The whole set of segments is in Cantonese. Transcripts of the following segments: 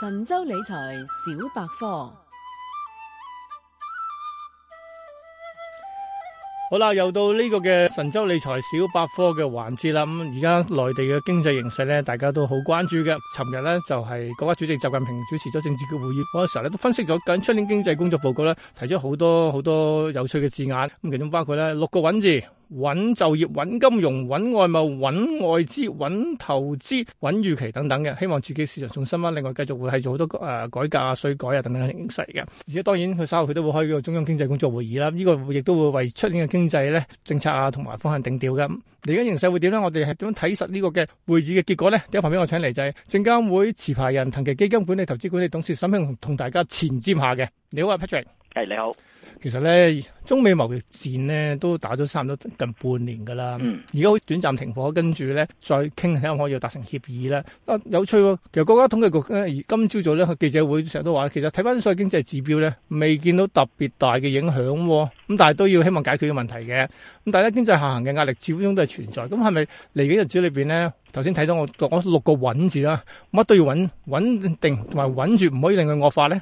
神州理財小百科，好啦，又到呢個嘅神州理財小百科嘅環節啦。咁而家內地嘅經濟形勢咧，大家都好關注嘅。尋日咧就係、是、國家主席習近平主持咗政治局會議嗰個時候咧，都分析咗緊出年經濟工作報告咧，提出好多好多有趣嘅字眼。咁其中包括咧六個穩字。穩就業、穩金融、穩外貿、穩外資、穩投資、穩預期等等嘅，希望自己市場重新啦、啊。另外繼續會係做好多誒改革啊、稅改啊等等嘅形勢嘅。而且當然佢稍後佢都會開個中央經濟工作會議啦，呢、這個亦都會為出年嘅經濟咧政策啊同埋方向定調嘅。嚟緊形勢會點咧？我哋係點樣睇實呢個嘅會議嘅結果咧？旁邊我請嚟就係證監會持牌人騰祺基金管理投資管理董事沈慶洪同大家前瞻下嘅。你好啊，Patrick。係你好，其實咧中美貿易戰咧都打咗差唔多近半年噶啦，而家、嗯、短暫停火，跟住咧再傾下可唔可以達成協議啦。啊有趣喎、哦，其實國家統計局咧今朝早咧記者會成日都話，其實睇翻所有經濟指標咧未見到特別大嘅影響、哦，咁但係都要希望解決嘅問題嘅。咁但係咧經濟下行嘅壓力始終都係存在。咁係咪嚟緊日子裏邊咧？頭先睇到我，我六個穩字啦，乜都要穩穩定同埋穩住，唔可以令佢惡化咧？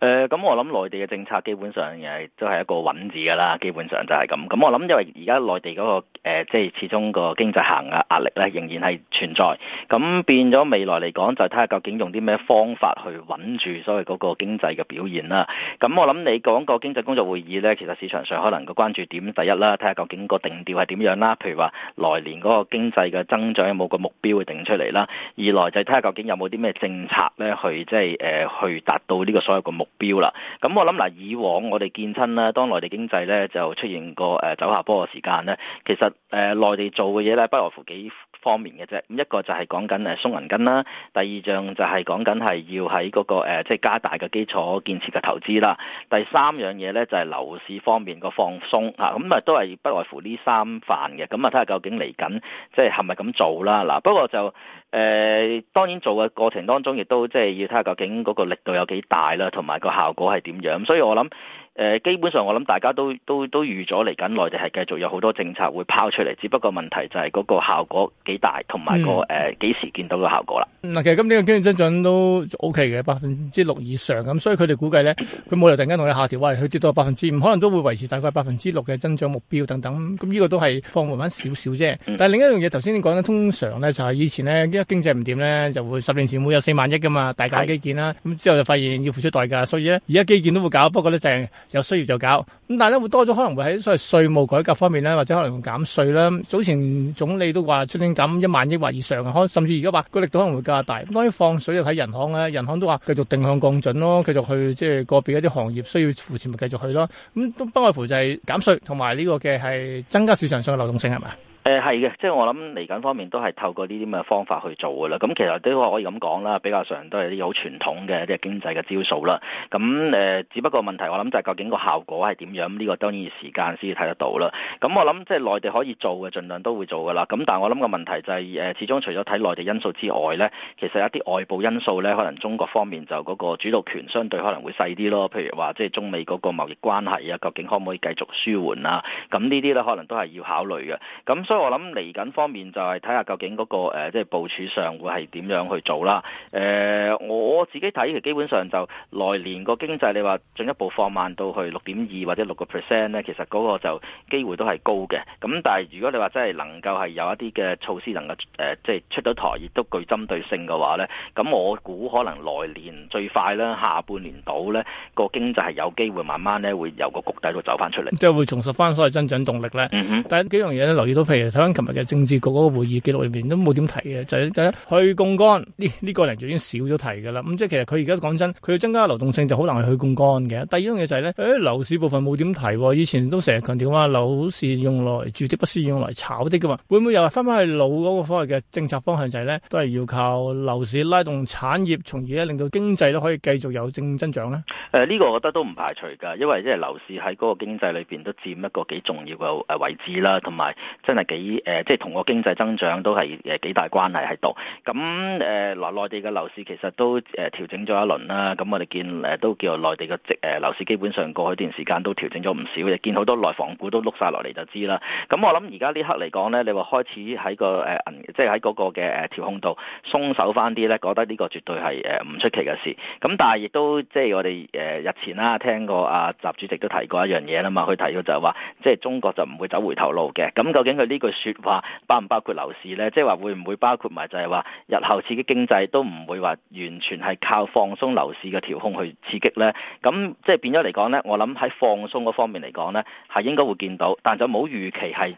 誒，咁、呃、我諗內地嘅政策基本上亦都係一個穩字噶啦，基本上就係咁。咁我諗因為而家內地嗰、那個誒、即、呃、係始終個經濟行嘅壓力咧，仍然係存在。咁變咗未來嚟講，就睇下究竟用啲咩方法去穩住所謂嗰個經濟嘅表現啦。咁我諗你講個經濟工作會議咧，其實市場上可能個關注點第一啦，睇下究竟個定調係點樣啦。譬如話來年嗰個經濟嘅增長有冇個目標會定出嚟啦。二來就睇下究竟有冇啲咩政策咧，去即係誒，去達到呢個所有個目標啦，咁我諗嗱，以往我哋見親啦，當內地經濟咧就出現過誒、呃、走下坡嘅時間咧，其實誒內、呃、地做嘅嘢咧不外乎幾方面嘅啫，咁一個就係講緊誒鬆銀根啦，第二樣就係講緊係要喺嗰、那個誒、呃、即係加大嘅基礎建設嘅投資啦，第三樣嘢咧就係、是、樓市方面個放鬆吓，咁啊、嗯、都係不外乎呢三範嘅，咁啊睇下究竟嚟緊即係係咪咁做啦嗱，不過就。誒、呃、當然做嘅過程當中，亦都即係要睇下究竟嗰個力度有幾大啦，同埋個效果係點樣。所以我諗。誒、呃，基本上我諗大家都都都預咗嚟緊內地係繼續有好多政策會拋出嚟，只不過問題就係嗰個效果幾大，同埋、嗰個誒幾、嗯呃、時見到個效果啦。嗱、嗯，其實今年嘅經濟增長都 OK 嘅，百分之六以上咁，所以佢哋估計咧，佢冇理由突然間同你下調，話去跌到百分之五，可能都會維持大概百分之六嘅增長目標等等。咁呢個都係放緩翻少少啫。嗯、但係另一樣嘢，頭先你講咧，通常咧就係、是、以前咧，而家經濟唔掂咧，就會十年前會有四萬億噶嘛，大搞基建啦，咁之是後就發現要付出代價，所以咧而家基建都會搞，不過咧就係、是。有需要就搞，咁但係咧，會多咗，可能會喺所謂稅務改革方面咧，或者可能會減稅啦。早前總理都話出年減一萬億或以上嘅，可甚至而家話個力度可能會加大。咁關於放水就睇人行啦，人行都話繼續定向降準咯，繼續去即係個別一啲行業需要扶持咪繼續去咯。咁都不外乎就係減稅同埋呢個嘅係增加市場上嘅流動性係咪？誒係嘅，即係我諗嚟緊方面都係透過呢啲咁嘅方法去做嘅啦。咁其實都可以咁講啦，比較上都係啲好傳統嘅即係經濟嘅招數啦。咁誒，只不過問題我諗就係究竟個效果係點樣？呢個當然時間先至睇得到啦。咁我諗即係內地可以做嘅，盡量都會做嘅啦。咁但我諗個問題就係誒，始終除咗睇內地因素之外咧，其實一啲外部因素咧，可能中國方面就嗰個主導權相對可能會細啲咯。譬如話即係中美嗰個貿易關係啊，究竟可唔可以繼續舒緩啊？咁呢啲咧可能都係要考慮嘅。咁所以我諗嚟緊方面就係睇下究竟嗰個誒，即係部署上會係點樣去做啦。誒、呃，我自己睇嘅基本上就來年個經濟你話進一步放慢到去六點二或者六個 percent 咧，其實嗰個就機會都係高嘅。咁但係如果你話真係能夠係有一啲嘅措施能夠誒，即、呃、係、就是、出到台，亦都具針對性嘅話咧，咁我估可能來年最快啦，下半年到咧、那個經濟係有機會慢慢咧會由個谷底度走翻出嚟。即係會重拾翻所謂增長動力咧。咳咳，但係幾樣嘢咧留意到，譬如。睇翻琴日嘅政治局嗰個會議記錄裏邊都冇點提嘅，就係第一去槓桿呢呢個人就、這個、已經少咗提噶啦。咁即係其實佢而家講真，佢要增加流動性就好難係去槓桿嘅。第二樣嘢就係、是、咧，誒、哎、樓市部分冇點提，以前都成日強調話樓市用來住啲，不是用嚟炒啲噶嘛。會唔會又係翻返去老嗰個所謂嘅政策方向就呢，就係咧都係要靠樓市拉動產業，從而咧令到經濟都可以繼續有正增長咧？誒呢個我覺得都唔排除㗎，因為即係樓市喺嗰個經濟裏邊都佔一個幾重要嘅誒位置啦，同埋真係。幾誒，即係同個經濟增長都係誒幾大關係喺度。咁誒內內地嘅樓市其實都誒調、呃、整咗一輪啦。咁我哋見誒都叫內地嘅即誒樓市基本上過去一段時間都調整咗唔少嘅。見好多內房股都碌晒落嚟就知啦。咁我諗而家呢刻嚟講咧，你話開始喺、嗰個誒、呃、即係喺嗰個嘅誒調控度鬆手翻啲咧，覺得呢個絕對係誒唔出奇嘅事。咁但係亦都即係我哋誒日前啦、啊，聽過阿、啊、習主席都提過一樣嘢啦嘛，佢提到就係話，即係中國就唔會走回頭路嘅。咁究竟佢呢？句説話包唔包括樓市呢？即係話會唔會包括埋就係話日後刺激經濟都唔會話完全係靠放鬆樓市嘅調控去刺激呢？噉即係變咗嚟講呢，我諗喺放鬆嗰方面嚟講呢，係應該會見到，但就冇預期係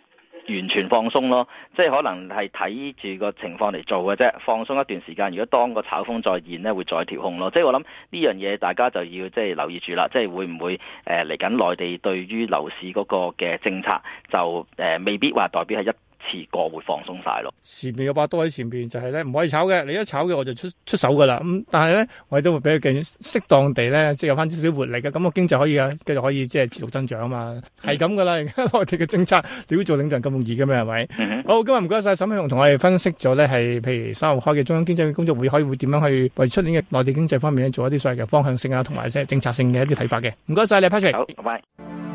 完全放鬆咯，即係可能係睇住個情況嚟做嘅啫。放鬆一段時間，如果當個炒風再現咧，會再調控咯。即係我諗呢樣嘢，大家就要即係留意住啦。即係會唔會誒嚟緊內地對於樓市嗰個嘅政策就誒、呃、未必話代表係一。遲過會放鬆晒咯，前面有把刀喺前邊，就係咧唔可以炒嘅，你一炒嘅我就出出手噶啦。咁、嗯、但係咧，我哋都會俾佢記適當地咧，即係有翻少少活力嘅，咁、嗯、個經濟可以繼續可以即係持續增長啊嘛，係咁噶啦。而家內地嘅政策，你要做領導人咁容易嘅咩？係咪？嗯、哼好，今日唔該晒沈慶洪同我哋分析咗咧，係譬如三號開嘅中央經濟工作會議可以會點樣去為出年嘅內地經濟方面做一啲所謂嘅方向性啊，同埋即係政策性嘅一啲睇法嘅。唔該晒你，Patrick。好拜,拜。拜拜